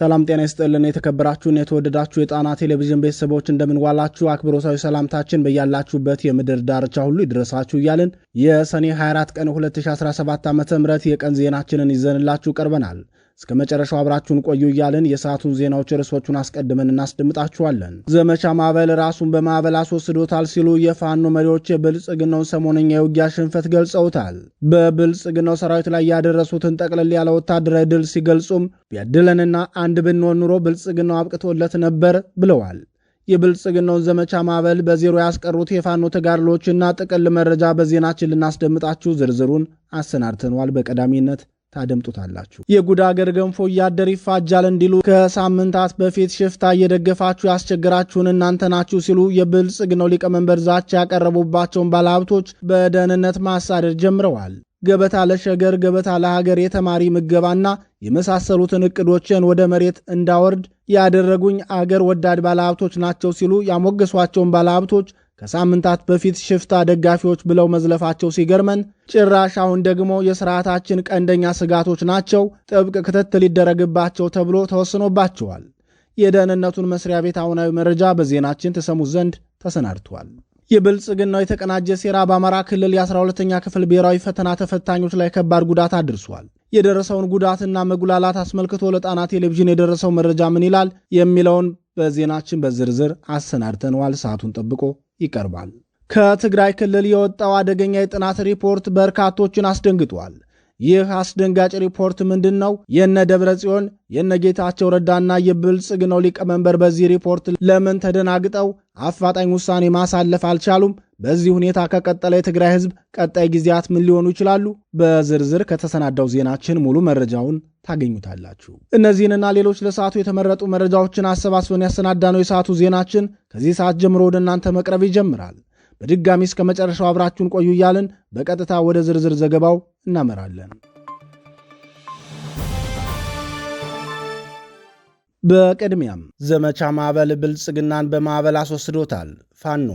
ሰላም ጤና ይስጥልን። የተከበራችሁን የተወደዳችሁ የጣና ቴሌቪዥን ቤተሰቦች እንደምንዋላችሁ፣ አክብሮታዊ ሰላምታችን በያላችሁበት የምድር ዳርቻ ሁሉ ይድረሳችሁ እያልን የሰኔ 24 ቀን 2017 ዓ ም የቀን ዜናችንን ይዘንላችሁ ቀርበናል። እስከ መጨረሻው አብራችሁን ቆዩ እያለን የሰዓቱን ዜናዎች ርዕሶቹን አስቀድመን እናስደምጣችኋለን። ዘመቻ ማዕበል ራሱን በማዕበል አስወስዶታል ሲሉ የፋኖ መሪዎች የብልጽግናውን ሰሞነኛ የውጊያ ሽንፈት ገልጸውታል። በብልጽግናው ሰራዊት ላይ ያደረሱትን ጠቅለል ያለ ወታደራዊ ድል ሲገልጹም ቢያድለንና አንድ ብንሆን ኑሮ ብልጽግናው አብቅቶለት ነበር ብለዋል። የብልጽግናውን ዘመቻ ማዕበል በዜሮ ያስቀሩት የፋኖ ተጋድሎችና ጥቅል መረጃ በዜናችን ልናስደምጣችሁ ዝርዝሩን አሰናድተነዋል። በቀዳሚነት ታደምጡታላችሁ። የጉድ አገር ገንፎ እያደር ይፋጃል እንዲሉ ከሳምንታት በፊት ሽፍታ እየደገፋችሁ ያስቸግራችሁን እናንተ ናችሁ ሲሉ የብልጽግናው ሊቀመንበር ዛቻ ያቀረቡባቸውን ባለሀብቶች በደህንነት ማሳደድ ጀምረዋል። ገበታ ለሸገር፣ ገበታ ለሀገር፣ የተማሪ ምገባና የመሳሰሉትን እቅዶችን ወደ መሬት እንዳወርድ ያደረጉኝ አገር ወዳድ ባለሀብቶች ናቸው ሲሉ ያሞገሷቸውን ባለሀብቶች ከሳምንታት በፊት ሽፍታ ደጋፊዎች ብለው መዝለፋቸው ሲገርመን ጭራሽ አሁን ደግሞ የስርዓታችን ቀንደኛ ስጋቶች ናቸው፣ ጥብቅ ክትትል ይደረግባቸው ተብሎ ተወስኖባቸዋል። የደህንነቱን መስሪያ ቤት አሁናዊ መረጃ በዜናችን ተሰሙት ዘንድ ተሰናድቷል። የብልጽግናው የተቀናጀ ሴራ በአማራ ክልል የ12ኛ ክፍል ብሔራዊ ፈተና ተፈታኞች ላይ ከባድ ጉዳት አድርሷል። የደረሰውን ጉዳትና መጉላላት አስመልክቶ ለጣና ቴሌቪዥን የደረሰው መረጃ ምን ይላል የሚለውን በዜናችን በዝርዝር አሰናድተነዋል። ሰዓቱን ጠብቆ ይቀርባል። ከትግራይ ክልል የወጣው አደገኛ የጥናት ሪፖርት በርካቶችን አስደንግጧል። ይህ አስደንጋጭ ሪፖርት ምንድን ነው? የነ ደብረ ጽዮን የነ ጌታቸው ረዳና የብልጽግናው ሊቀመንበር በዚህ ሪፖርት ለምን ተደናግጠው አፋጣኝ ውሳኔ ማሳለፍ አልቻሉም። በዚህ ሁኔታ ከቀጠለ የትግራይ ህዝብ ቀጣይ ጊዜያት ምን ሊሆኑ ይችላሉ? በዝርዝር ከተሰናዳው ዜናችን ሙሉ መረጃውን ታገኙታላችሁ። እነዚህንና ሌሎች ለሰዓቱ የተመረጡ መረጃዎችን አሰባስበን ያሰናዳነው የሰዓቱ ዜናችን ከዚህ ሰዓት ጀምሮ ወደ እናንተ መቅረብ ይጀምራል። በድጋሚ እስከ መጨረሻው አብራችሁን ቆዩ እያልን በቀጥታ ወደ ዝርዝር ዘገባው እናመራለን። በቅድሚያም ዘመቻ ማዕበል ብልጽግናን በማዕበል አስወስዶታል። ፋኖ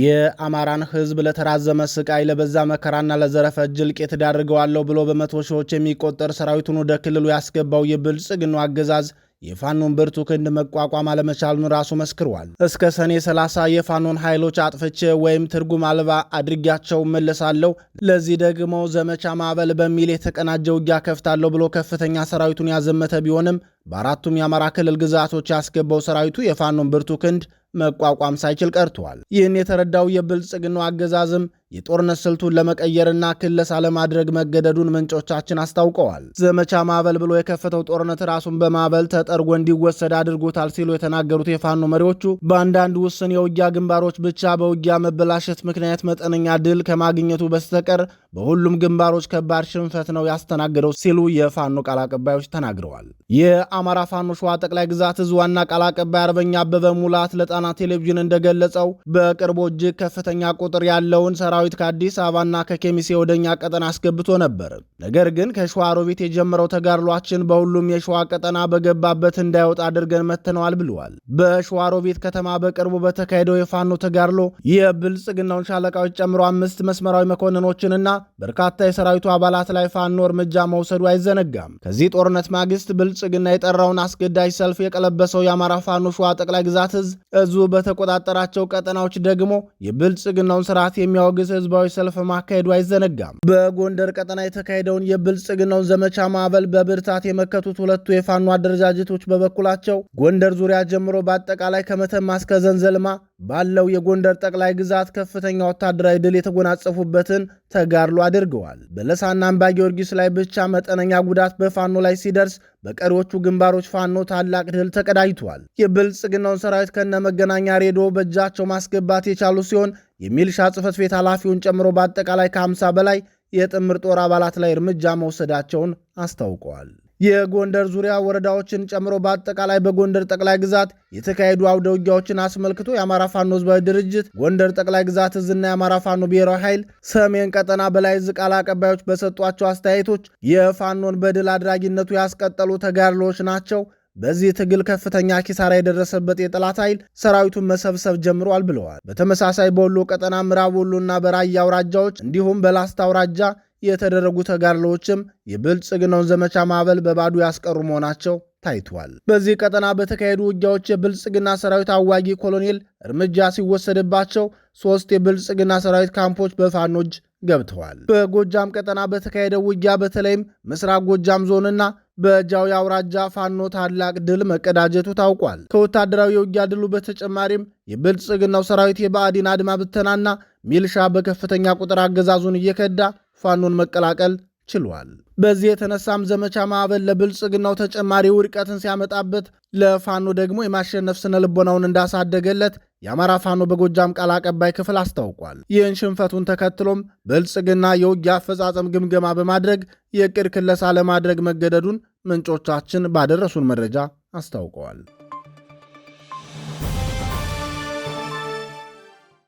የአማራን ሕዝብ ለተራዘመ ስቃይ ለበዛ መከራና ለዘረፈ ጅልቅ የተዳርገዋለሁ ብሎ በመቶ ሺዎች የሚቆጠር ሰራዊቱን ወደ ክልሉ ያስገባው የብልጽግናው አገዛዝ የፋኖን ብርቱ ክንድ መቋቋም አለመቻሉን ራሱ መስክሯል። እስከ ሰኔ 30 የፋኖን ኃይሎች አጥፍቼ ወይም ትርጉም አልባ አድርጊያቸው መለሳለሁ፣ ለዚህ ደግሞ ዘመቻ ማዕበል በሚል የተቀናጀ ውጊያ ከፍታለሁ ብሎ ከፍተኛ ሰራዊቱን ያዘመተ ቢሆንም በአራቱም የአማራ ክልል ግዛቶች ያስገባው ሰራዊቱ የፋኖን ብርቱ ክንድ መቋቋም ሳይችል ቀርቷል። ይህን የተረዳው የብልጽግናው አገዛዝም የጦርነት ስልቱን ለመቀየርና ክለሳ ለማድረግ መገደዱን ምንጮቻችን አስታውቀዋል። ዘመቻ ማዕበል ብሎ የከፈተው ጦርነት ራሱን በማዕበል ተጠርጎ እንዲወሰድ አድርጎታል ሲሉ የተናገሩት የፋኖ መሪዎቹ በአንዳንድ ውስን የውጊያ ግንባሮች ብቻ በውጊያ መበላሸት ምክንያት መጠነኛ ድል ከማግኘቱ በስተቀር በሁሉም ግንባሮች ከባድ ሽንፈት ነው ያስተናገደው ሲሉ የፋኖ ቃል አቀባዮች ተናግረዋል። የአማራ ፋኖ ሸዋ ጠቅላይ ግዛት እዝ ዋና ቃል አቀባይ አርበኛ አበበ ሙላት ለጣና ቴሌቪዥን እንደገለጸው በቅርቡ እጅግ ከፍተኛ ቁጥር ያለውን ሰራ ሰራዊት ከአዲስ አበባና ከኬሚሴ ወደኛ ቀጠና አስገብቶ ነበር። ነገር ግን ከሸዋሮቢት የጀመረው ተጋድሏችን በሁሉም የሸዋ ቀጠና በገባበት እንዳይወጣ አድርገን መተነዋል ብለዋል። በሸዋሮቢት ከተማ በቅርቡ በተካሄደው የፋኖ ተጋድሎ የብልጽግናውን ሻለቃዎች ጨምሮ አምስት መስመራዊ መኮንኖችንና በርካታ የሰራዊቱ አባላት ላይ ፋኖ እርምጃ መውሰዱ አይዘነጋም። ከዚህ ጦርነት ማግስት ብልጽግና የጠራውን አስገዳጅ ሰልፍ የቀለበሰው የአማራ ፋኖ ሸዋ ጠቅላይ ግዛት እዙ በተቆጣጠራቸው ቀጠናዎች ደግሞ የብልጽግናውን ስርዓት የሚያወግዝ መንግስት ህዝባዊ ሰልፍ ማካሄዱ አይዘነጋም። በጎንደር ቀጠና የተካሄደውን የብልጽግናውን ዘመቻ ማዕበል በብርታት የመከቱት ሁለቱ የፋኖ አደረጃጀቶች በበኩላቸው ጎንደር ዙሪያ ጀምሮ በአጠቃላይ ከመተማ እስከ ዘንዘልማ ባለው የጎንደር ጠቅላይ ግዛት ከፍተኛ ወታደራዊ ድል የተጎናጸፉበትን ተጋድሎ አድርገዋል። በለሳና አምባ ጊዮርጊስ ላይ ብቻ መጠነኛ ጉዳት በፋኖ ላይ ሲደርስ በቀሪዎቹ ግንባሮች ፋኖ ታላቅ ድል ተቀዳጅቷል። የብልጽግናውን ሰራዊት ከነ መገናኛ ሬዲዮ በእጃቸው ማስገባት የቻሉ ሲሆን የሚልሻ ጽሕፈት ቤት ኃላፊውን ጨምሮ በአጠቃላይ ከ50 በላይ የጥምር ጦር አባላት ላይ እርምጃ መውሰዳቸውን አስታውቀዋል። የጎንደር ዙሪያ ወረዳዎችን ጨምሮ በአጠቃላይ በጎንደር ጠቅላይ ግዛት የተካሄዱ አውደ ውጊያዎችን አስመልክቶ የአማራ ፋኖ ህዝባዊ ድርጅት ጎንደር ጠቅላይ ግዛት እዝና የአማራ ፋኖ ብሔራዊ ኃይል ሰሜን ቀጠና በላይ ዝ ቃል አቀባዮች በሰጧቸው አስተያየቶች የፋኖን በድል አድራጊነቱ ያስቀጠሉ ተጋድሎዎች ናቸው። በዚህ ትግል ከፍተኛ ኪሳራ የደረሰበት የጠላት ኃይል ሰራዊቱን መሰብሰብ ጀምሯል ብለዋል። በተመሳሳይ በወሎ ቀጠና ምዕራብ ወሎና በራያ አውራጃዎች እንዲሁም በላስታ አውራጃ የተደረጉ ተጋድሎዎችም የብልጽግናውን ዘመቻ ማዕበል በባዶ ያስቀሩ መሆናቸው ታይቷል። በዚህ ቀጠና በተካሄዱ ውጊያዎች የብልጽግና ሰራዊት አዋጊ ኮሎኔል እርምጃ ሲወሰድባቸው፣ ሶስት የብልጽግና ሰራዊት ካምፖች በፋኖጅ ገብተዋል። በጎጃም ቀጠና በተካሄደው ውጊያ በተለይም ምስራቅ ጎጃም ዞንና በጃዊ አውራጃ ፋኖ ታላቅ ድል መቀዳጀቱ ታውቋል። ከወታደራዊ የውጊያ ድሉ በተጨማሪም የብልጽግናው ሰራዊት የባዕዲን አድማ ብተናና ሚልሻ በከፍተኛ ቁጥር አገዛዙን እየከዳ ፋኖን መቀላቀል ችሏል። በዚህ የተነሳም ዘመቻ ማዕበል ለብልጽግናው ተጨማሪ ውድቀትን ሲያመጣበት፣ ለፋኖ ደግሞ የማሸነፍ ስነ ልቦናውን እንዳሳደገለት የአማራ ፋኖ በጎጃም ቃል አቀባይ ክፍል አስታውቋል። ይህን ሽንፈቱን ተከትሎም ብልጽግና የውጊያ አፈጻጸም ግምገማ በማድረግ የቅድ ክለሳ ለማድረግ መገደዱን ምንጮቻችን ባደረሱን መረጃ አስታውቀዋል።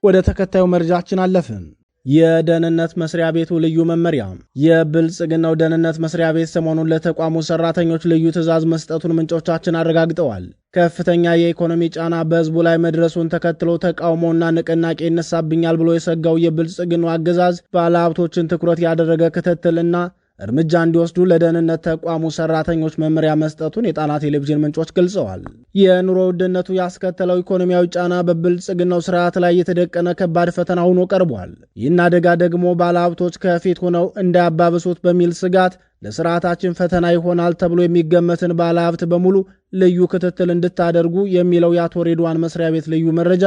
ወደ ተከታዩ መረጃችን አለፍን። የደህንነት መስሪያ ቤቱ ልዩ መመሪያ። የብልጽግናው ደህንነት መስሪያ ቤት ሰሞኑን ለተቋሙ ሰራተኞች ልዩ ትዕዛዝ መስጠቱን ምንጮቻችን አረጋግጠዋል። ከፍተኛ የኢኮኖሚ ጫና በህዝቡ ላይ መድረሱን ተከትሎ ተቃውሞና ንቅናቄ ይነሳብኛል ብሎ የሰጋው የብልጽግናው አገዛዝ ባለሀብቶችን ትኩረት ያደረገ ክትትልና እርምጃ እንዲወስዱ ለደህንነት ተቋሙ ሰራተኞች መመሪያ መስጠቱን የጣና ቴሌቪዥን ምንጮች ገልጸዋል። የኑሮ ውድነቱ ያስከተለው ኢኮኖሚያዊ ጫና በብልጽግናው ስርዓት ላይ የተደቀነ ከባድ ፈተና ሆኖ ቀርቧል። ይህን አደጋ ደግሞ ባለሀብቶች ከፊት ሆነው እንዳያባብሱት በሚል ስጋት ለስርዓታችን ፈተና ይሆናል ተብሎ የሚገመትን ባለሀብት በሙሉ ልዩ ክትትል እንድታደርጉ የሚለው የአቶ ሬድዋን መስሪያ ቤት ልዩ መረጃ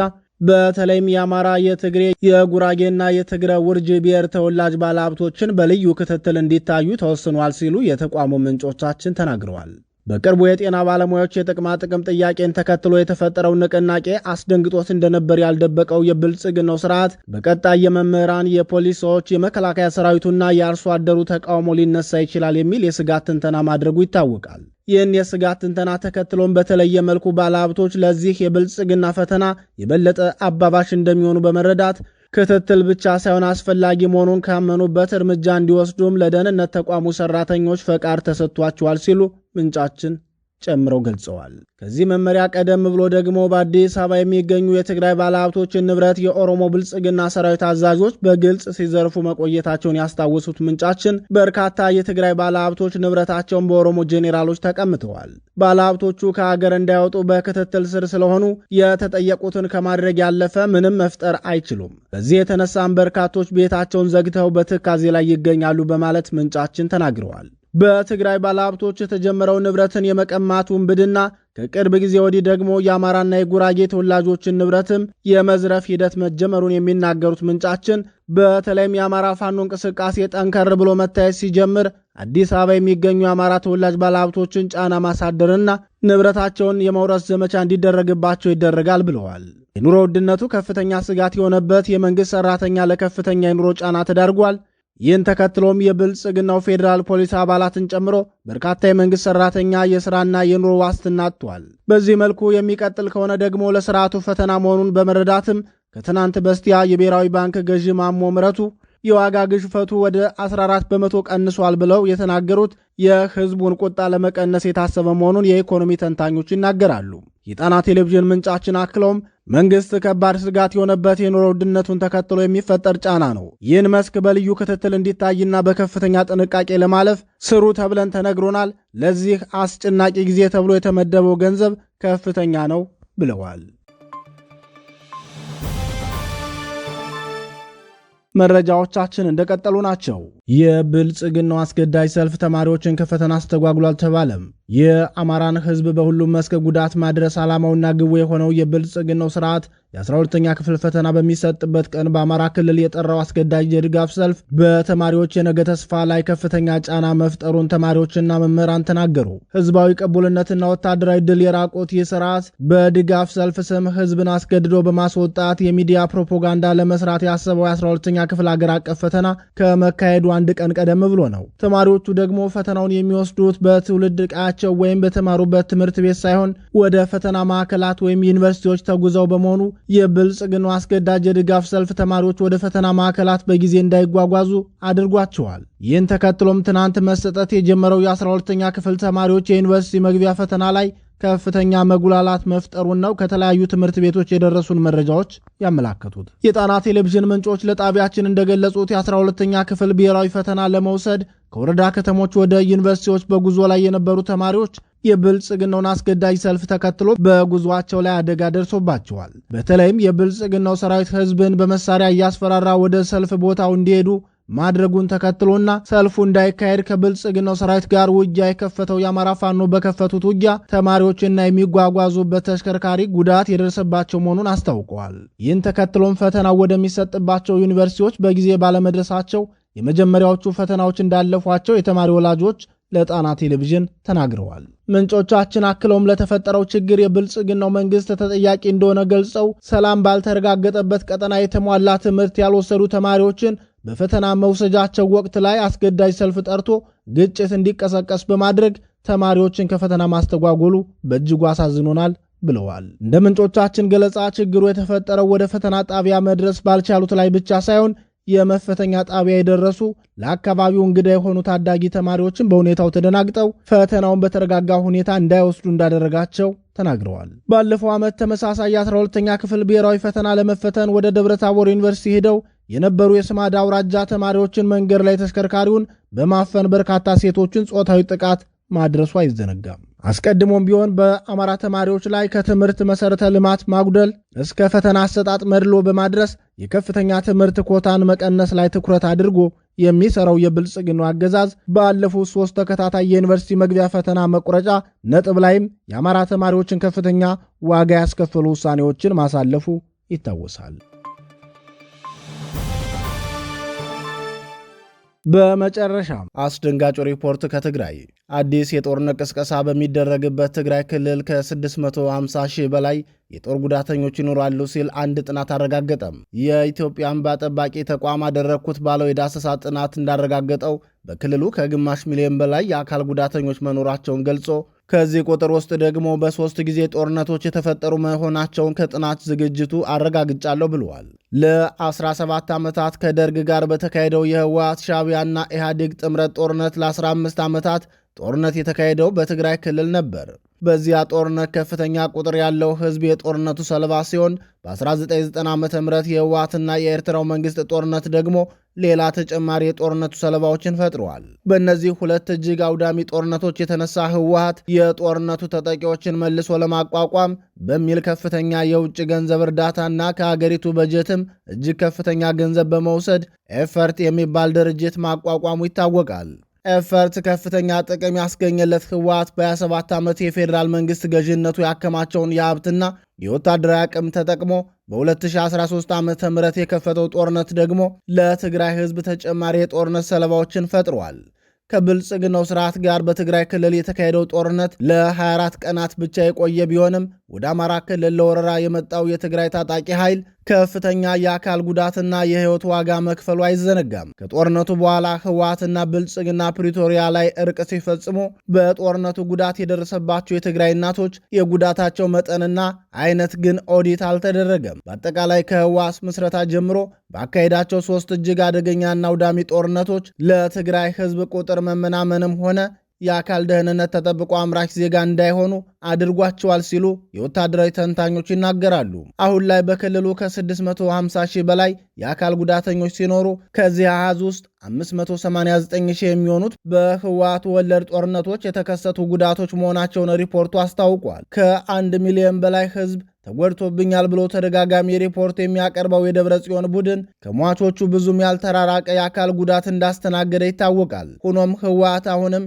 በተለይም የአማራ፣ የትግሬ፣ የጉራጌና የትግረ ውርጅ ብሔር ተወላጅ ባለሀብቶችን በልዩ ክትትል እንዲታዩ ተወስኗል ሲሉ የተቋሙ ምንጮቻችን ተናግረዋል። በቅርቡ የጤና ባለሙያዎች የጥቅማ ጥቅም ጥያቄን ተከትሎ የተፈጠረው ንቅናቄ አስደንግጦት እንደነበር ያልደበቀው የብልጽግናው ስርዓት በቀጣይ የመምህራን፣ የፖሊስ ሰዎች የመከላከያ ሰራዊቱና የአርሶ አደሩ ተቃውሞ ሊነሳ ይችላል የሚል የስጋት ትንተና ማድረጉ ይታወቃል። ይህን የስጋት ትንተና ተከትሎም በተለየ መልኩ ባለሀብቶች ለዚህ የብልጽግና ፈተና የበለጠ አባባሽ እንደሚሆኑ በመረዳት ክትትል ብቻ ሳይሆን አስፈላጊ መሆኑን ካመኑበት እርምጃ እንዲወስዱም ለደህንነት ተቋሙ ሰራተኞች ፈቃድ ተሰጥቷቸዋል ሲሉ ምንጫችን ጨምረው ገልጸዋል። ከዚህ መመሪያ ቀደም ብሎ ደግሞ በአዲስ አበባ የሚገኙ የትግራይ ባለሀብቶችን ንብረት የኦሮሞ ብልጽግና ሰራዊት አዛዦች በግልጽ ሲዘርፉ መቆየታቸውን ያስታወሱት ምንጫችን በርካታ የትግራይ ባለሀብቶች ንብረታቸውን በኦሮሞ ጄኔራሎች ተቀምተዋል። ባለሀብቶቹ ከሀገር እንዳይወጡ በክትትል ስር ስለሆኑ የተጠየቁትን ከማድረግ ያለፈ ምንም መፍጠር አይችሉም። በዚህ የተነሳም በርካቶች ቤታቸውን ዘግተው በትካዜ ላይ ይገኛሉ በማለት ምንጫችን ተናግረዋል። በትግራይ ባለሀብቶች የተጀመረው ንብረትን የመቀማት ውንብድና ከቅርብ ጊዜ ወዲህ ደግሞ የአማራና የጉራጌ ተወላጆችን ንብረትም የመዝረፍ ሂደት መጀመሩን የሚናገሩት ምንጫችን በተለይም የአማራ ፋኖ እንቅስቃሴ ጠንከር ብሎ መታየት ሲጀምር አዲስ አበባ የሚገኙ የአማራ ተወላጅ ባለሀብቶችን ጫና ማሳደርና ንብረታቸውን የመውረስ ዘመቻ እንዲደረግባቸው ይደረጋል ብለዋል። የኑሮ ውድነቱ ከፍተኛ ስጋት የሆነበት የመንግስት ሰራተኛ ለከፍተኛ የኑሮ ጫና ተዳርጓል። ይህን ተከትሎም የብልጽግናው ፌዴራል ፖሊስ አባላትን ጨምሮ በርካታ የመንግሥት ሠራተኛ የሥራና የኑሮ ዋስትና አጥቷል። በዚህ መልኩ የሚቀጥል ከሆነ ደግሞ ለሥርዓቱ ፈተና መሆኑን በመረዳትም ከትናንት በስቲያ የብሔራዊ ባንክ ገዢ ማሞ ምረቱ የዋጋ ግሽፈቱ ወደ 14 በመቶ ቀንሷል ብለው የተናገሩት የህዝቡን ቁጣ ለመቀነስ የታሰበ መሆኑን የኢኮኖሚ ተንታኞች ይናገራሉ። የጣና ቴሌቪዥን ምንጫችን አክለውም መንግስት ከባድ ስጋት የሆነበት የኑሮ ውድነቱን ተከትሎ የሚፈጠር ጫና ነው። ይህን መስክ በልዩ ክትትል እንዲታይና በከፍተኛ ጥንቃቄ ለማለፍ ስሩ ተብለን ተነግሮናል። ለዚህ አስጨናቂ ጊዜ ተብሎ የተመደበው ገንዘብ ከፍተኛ ነው ብለዋል። መረጃዎቻችን እንደቀጠሉ ናቸው። የብልጽግናው አስገዳጅ ሰልፍ ተማሪዎችን ከፈተና አስተጓጉሏል ተባለም። የአማራን ሕዝብ በሁሉም መስክ ጉዳት ማድረስ ዓላማውና ግቡ የሆነው የብልጽግናው ስርዓት የ12ተኛ ክፍል ፈተና በሚሰጥበት ቀን በአማራ ክልል የጠራው አስገዳጅ የድጋፍ ሰልፍ በተማሪዎች የነገ ተስፋ ላይ ከፍተኛ ጫና መፍጠሩን ተማሪዎችና መምህራን ተናገሩ። ህዝባዊ ቅቡልነትና ወታደራዊ ድል የራቆት ይህ ስርዓት በድጋፍ ሰልፍ ስም ህዝብን አስገድዶ በማስወጣት የሚዲያ ፕሮፓጋንዳ ለመስራት ያሰበው የ12ተኛ ክፍል አገር አቀፍ ፈተና ከመካሄዱ አንድ ቀን ቀደም ብሎ ነው። ተማሪዎቹ ደግሞ ፈተናውን የሚወስዱት በትውልድ ቀያቸው ወይም በተማሩበት ትምህርት ቤት ሳይሆን ወደ ፈተና ማዕከላት ወይም ዩኒቨርሲቲዎች ተጉዘው በመሆኑ የብልጽግና አስገዳጅ የድጋፍ ሰልፍ ተማሪዎች ወደ ፈተና ማዕከላት በጊዜ እንዳይጓጓዙ አድርጓቸዋል። ይህን ተከትሎም ትናንት መሰጠት የጀመረው የ12ተኛ ክፍል ተማሪዎች የዩኒቨርሲቲ መግቢያ ፈተና ላይ ከፍተኛ መጉላላት መፍጠሩን ነው ከተለያዩ ትምህርት ቤቶች የደረሱን መረጃዎች ያመላከቱት። የጣና ቴሌቪዥን ምንጮች ለጣቢያችን እንደገለጹት የ12ተኛ ክፍል ብሔራዊ ፈተና ለመውሰድ ከወረዳ ከተሞች ወደ ዩኒቨርሲቲዎች በጉዞ ላይ የነበሩ ተማሪዎች የብልጽግናውን አስገዳጅ ሰልፍ ተከትሎ በጉዞቸው ላይ አደጋ ደርሶባቸዋል። በተለይም የብልጽግናው ሰራዊት ህዝብን በመሳሪያ እያስፈራራ ወደ ሰልፍ ቦታው እንዲሄዱ ማድረጉን ተከትሎና ሰልፉ እንዳይካሄድ ከብልጽግናው ሰራዊት ጋር ውጊያ የከፈተው የአማራ ፋኖ በከፈቱት ውጊያ ተማሪዎችና የሚጓጓዙበት ተሽከርካሪ ጉዳት የደረሰባቸው መሆኑን አስታውቀዋል። ይህን ተከትሎም ፈተናው ወደሚሰጥባቸው ዩኒቨርሲቲዎች በጊዜ ባለመድረሳቸው የመጀመሪያዎቹ ፈተናዎች እንዳለፏቸው የተማሪ ወላጆች ለጣና ቴሌቪዥን ተናግረዋል። ምንጮቻችን አክለውም ለተፈጠረው ችግር የብልጽግናው መንግስት ተጠያቂ እንደሆነ ገልጸው ሰላም ባልተረጋገጠበት ቀጠና የተሟላ ትምህርት ያልወሰዱ ተማሪዎችን በፈተና መውሰጃቸው ወቅት ላይ አስገዳጅ ሰልፍ ጠርቶ ግጭት እንዲቀሰቀስ በማድረግ ተማሪዎችን ከፈተና ማስተጓጎሉ በእጅጉ አሳዝኖናል ብለዋል። እንደ ምንጮቻችን ገለጻ ችግሩ የተፈጠረው ወደ ፈተና ጣቢያ መድረስ ባልቻሉት ላይ ብቻ ሳይሆን የመፈተኛ ጣቢያ የደረሱ ለአካባቢው እንግዳ የሆኑ ታዳጊ ተማሪዎችን በሁኔታው ተደናግጠው ፈተናውን በተረጋጋ ሁኔታ እንዳይወስዱ እንዳደረጋቸው ተናግረዋል። ባለፈው ዓመት ተመሳሳይ የ 12 ኛ ክፍል ብሔራዊ ፈተና ለመፈተን ወደ ደብረታቦር ዩኒቨርሲቲ ሄደው የነበሩ የስማዳ አውራጃ ተማሪዎችን መንገድ ላይ ተሽከርካሪውን በማፈን በርካታ ሴቶችን ጾታዊ ጥቃት ማድረሱ አይዘነጋም። አስቀድሞም ቢሆን በአማራ ተማሪዎች ላይ ከትምህርት መሠረተ ልማት ማጉደል እስከ ፈተና አሰጣጥ መድሎ በማድረስ የከፍተኛ ትምህርት ኮታን መቀነስ ላይ ትኩረት አድርጎ የሚሰራው የብልጽግናው አገዛዝ ባለፉት ሶስት ተከታታይ የዩኒቨርሲቲ መግቢያ ፈተና መቁረጫ ነጥብ ላይም የአማራ ተማሪዎችን ከፍተኛ ዋጋ ያስከፈሉ ውሳኔዎችን ማሳለፉ ይታወሳል። በመጨረሻም አስደንጋጩ ሪፖርት ከትግራይ አዲስ የጦርነት ቅስቀሳ በሚደረግበት ትግራይ ክልል ከ650 ሺህ በላይ የጦር ጉዳተኞች ይኖራሉ ሲል አንድ ጥናት አረጋገጠም። የኢትዮጵያ እንባ ጠባቂ ተቋም አደረግኩት ባለው የዳሰሳ ጥናት እንዳረጋገጠው በክልሉ ከግማሽ ሚሊዮን በላይ የአካል ጉዳተኞች መኖራቸውን ገልጾ ከዚህ ቁጥር ውስጥ ደግሞ በሶስት ጊዜ ጦርነቶች የተፈጠሩ መሆናቸውን ከጥናት ዝግጅቱ አረጋግጫለሁ ብለዋል። ለ17 ዓመታት ከደርግ ጋር በተካሄደው የህወሓት ሻቢያና ኢህአዴግ ጥምረት ጦርነት ለ15 ዓመታት ጦርነት የተካሄደው በትግራይ ክልል ነበር። በዚያ ጦርነት ከፍተኛ ቁጥር ያለው ህዝብ የጦርነቱ ሰለባ ሲሆን በ1990 ዓ ም የህወሓትና የኤርትራው መንግስት ጦርነት ደግሞ ሌላ ተጨማሪ የጦርነቱ ሰለባዎችን ፈጥረዋል። በእነዚህ ሁለት እጅግ አውዳሚ ጦርነቶች የተነሳ ህወሓት የጦርነቱ ተጠቂዎችን መልሶ ለማቋቋም በሚል ከፍተኛ የውጭ ገንዘብ እርዳታና ከአገሪቱ በጀትም እጅግ ከፍተኛ ገንዘብ በመውሰድ ኤፈርት የሚባል ድርጅት ማቋቋሙ ይታወቃል። ኤፈርት ከፍተኛ ጥቅም ያስገኘለት ህወሓት በ27 ዓመት የፌዴራል መንግስት ገዥነቱ ያከማቸውን የሀብትና የወታደራዊ አቅም ተጠቅሞ በ2013 ዓ ም የከፈተው ጦርነት ደግሞ ለትግራይ ህዝብ ተጨማሪ የጦርነት ሰለባዎችን ፈጥሯል። ከብልጽግናው ስርዓት ጋር በትግራይ ክልል የተካሄደው ጦርነት ለ24 ቀናት ብቻ የቆየ ቢሆንም ወደ አማራ ክልል ለወረራ የመጣው የትግራይ ታጣቂ ኃይል ከፍተኛ የአካል ጉዳትና የሕይወት ዋጋ መክፈሉ አይዘነጋም። ከጦርነቱ በኋላ ህወሓትና ብልጽግና ፕሪቶሪያ ላይ እርቅ ሲፈጽሙ በጦርነቱ ጉዳት የደረሰባቸው የትግራይ እናቶች የጉዳታቸው መጠንና አይነት ግን ኦዲት አልተደረገም። በአጠቃላይ ከህወሓት ምስረታ ጀምሮ ባካሄዳቸው ሶስት እጅግ አደገኛና አውዳሚ ጦርነቶች ለትግራይ ህዝብ ቁጥር መመናመንም ሆነ የአካል ደህንነት ተጠብቆ አምራች ዜጋ እንዳይሆኑ አድርጓቸዋል ሲሉ የወታደራዊ ተንታኞች ይናገራሉ። አሁን ላይ በክልሉ ከ650 ሺህ በላይ የአካል ጉዳተኞች ሲኖሩ ከዚህ አሃዝ ውስጥ 589 ሺህ የሚሆኑት በህወሓት ወለድ ጦርነቶች የተከሰቱ ጉዳቶች መሆናቸውን ሪፖርቱ አስታውቋል። ከአንድ ሚሊዮን በላይ ህዝብ ተጎድቶብኛል ብሎ ተደጋጋሚ ሪፖርት የሚያቀርበው የደብረ ጽዮን ቡድን ከሟቾቹ ብዙም ያልተራራቀ የአካል ጉዳት እንዳስተናገደ ይታወቃል። ሆኖም ህወሓት አሁንም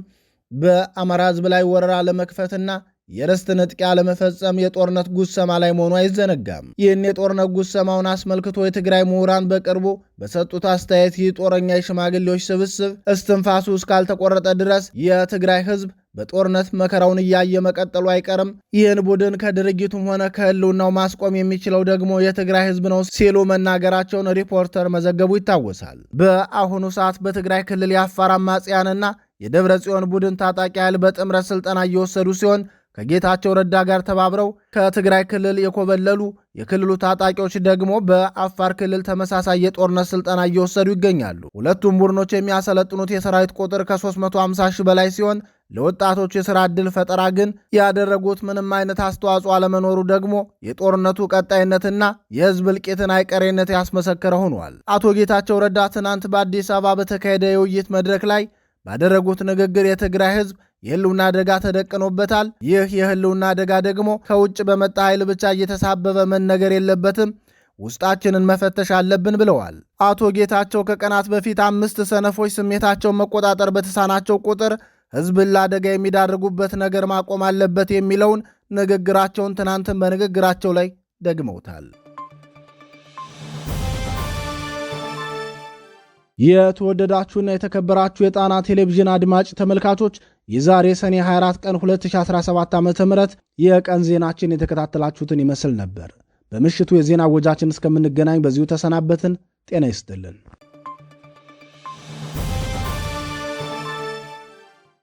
በአማራ ህዝብ ላይ ወረራ ለመክፈትና የርስት ንጥቂያ ለመፈጸም የጦርነት ጉሰማ ላይ መሆኑ አይዘነጋም። ይህን የጦርነት ጉሰማውን አስመልክቶ የትግራይ ምሁራን በቅርቡ በሰጡት አስተያየት ይህ ጦረኛ የሽማግሌዎች ስብስብ እስትንፋሱ እስካልተቆረጠ ድረስ የትግራይ ህዝብ በጦርነት መከራውን እያየ መቀጠሉ አይቀርም። ይህን ቡድን ከድርጊቱም ሆነ ከህልውናው ማስቆም የሚችለው ደግሞ የትግራይ ህዝብ ነው ሲሉ መናገራቸውን ሪፖርተር መዘገቡ ይታወሳል። በአሁኑ ሰዓት በትግራይ ክልል የአፋር አማጽያንና የደብረ ጽዮን ቡድን ታጣቂ ኃይል በጥምረት ስልጠና እየወሰዱ ሲሆን ከጌታቸው ረዳ ጋር ተባብረው ከትግራይ ክልል የኮበለሉ የክልሉ ታጣቂዎች ደግሞ በአፋር ክልል ተመሳሳይ የጦርነት ስልጠና እየወሰዱ ይገኛሉ። ሁለቱም ቡድኖች የሚያሰለጥኑት የሰራዊት ቁጥር ከ350 ሺህ በላይ ሲሆን ለወጣቶች የሥራ ዕድል ፈጠራ ግን ያደረጉት ምንም አይነት አስተዋጽኦ አለመኖሩ ደግሞ የጦርነቱ ቀጣይነትና የሕዝብ እልቂትን አይቀሬነት ያስመሰከረ ሆኗል። አቶ ጌታቸው ረዳ ትናንት በአዲስ አበባ በተካሄደ የውይይት መድረክ ላይ ባደረጉት ንግግር የትግራይ ህዝብ የህልውና አደጋ ተደቅኖበታል። ይህ የህልውና አደጋ ደግሞ ከውጭ በመጣ ኃይል ብቻ እየተሳበበ መነገር የለበትም፣ ውስጣችንን መፈተሽ አለብን ብለዋል። አቶ ጌታቸው ከቀናት በፊት አምስት ሰነፎች ስሜታቸውን መቆጣጠር በተሳናቸው ቁጥር ህዝብን ለአደጋ የሚዳርጉበት ነገር ማቆም አለበት የሚለውን ንግግራቸውን ትናንትን በንግግራቸው ላይ ደግመውታል። የተወደዳችሁና የተከበራችሁ የጣና ቴሌቪዥን አድማጭ ተመልካቾች የዛሬ ሰኔ 24 ቀን 2017 ዓ ም የቀን ዜናችን የተከታተላችሁትን ይመስል ነበር። በምሽቱ የዜና ወጃችን እስከምንገናኝ በዚሁ ተሰናበትን። ጤና ይስጥልን።